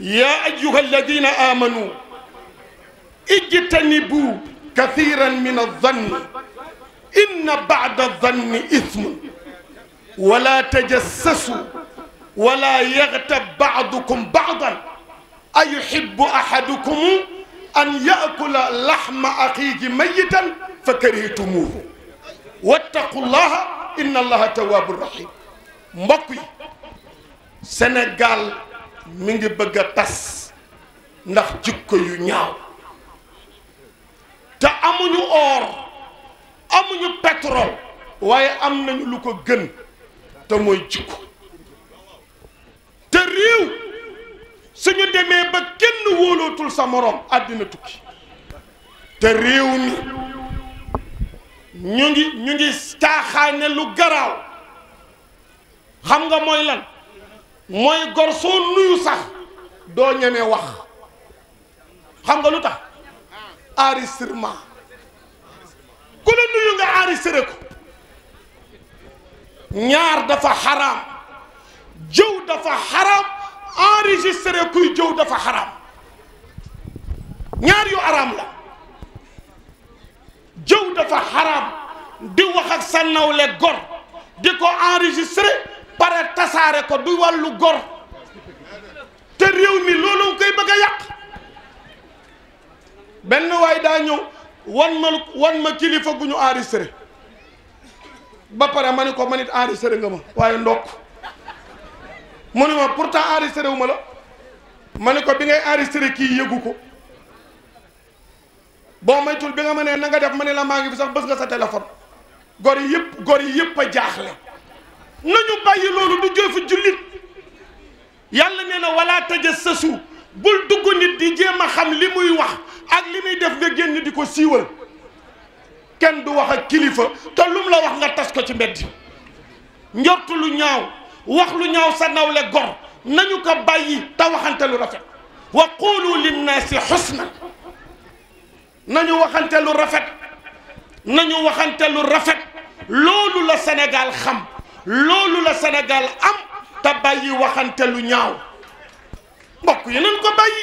يا أيها الذين آمنوا اجتنبوا كثيرا من الظن إن بعد الظن إثم ولا تجسسوا ولا يغتب بعضكم بعضا أيحب أحدكم أن يأكل لحم أخيه ميتا فكرهتموه واتقوا الله إن الله تواب رحيم مكوي سنغال mi ngi bëgg a tas ndax jikko yu ñaaw te amuñu or amuñu pétrole waaye am nañu lu ko gën te mooy jikko te réew suñu demee ba kenn wóolootul sa moroom àddina tukki te réew mi ñu ngi ñu ngi caaxaane lu garaaw xam nga mooy lan mooy gor soo nuyu sax doo ñeme wax xam nga lu tax enregistrement ku la nuyu nga enregistré ko ñaar dafa xaraam jëw dafa xaraam enregistré kuy jëw dafa xaraam ñaar yu araam la jëw dafa xaraam di wax ak sa nawle gor di ko enregistré a tasaare ko du wàllu gor te réew mi loolu koy bëgg a yàq benn waay daa ñëw wan ma ma kilifa gu ñu enregistré ba pare ma ne ko man it enregistré nga ma waaye ndokk mu ne ma pourtant enregistré wu ma la ma ne ko bi ngay enregistré kii yëgu ko boo maytul bi nga ma ne nanga def ma ne la maa ngi fi sax bës nga sa téléphone gor yi gor yi yëpp a jaaxle nañu bàyyi loolu du jëfu jullit yàlla nee na wala tajassasu bul dugg nit di jéem a xam li muy wax ak li muy def nga génn di ko siiwal kenn du wax ak kilifa te lum la wax nga tas ko ci mbedd njort lu ñaaw wax lu ñaaw sa nawle gor nañu ko bàyyi te waxante lu rafet wa qulu linnaasi xusna nañu waxante lu rafet nañu waxante lu rafet loolu la senegal xam loolu la senegal am te bàyyi waxante lu ñaaw bokk yi nañ ko bàyyi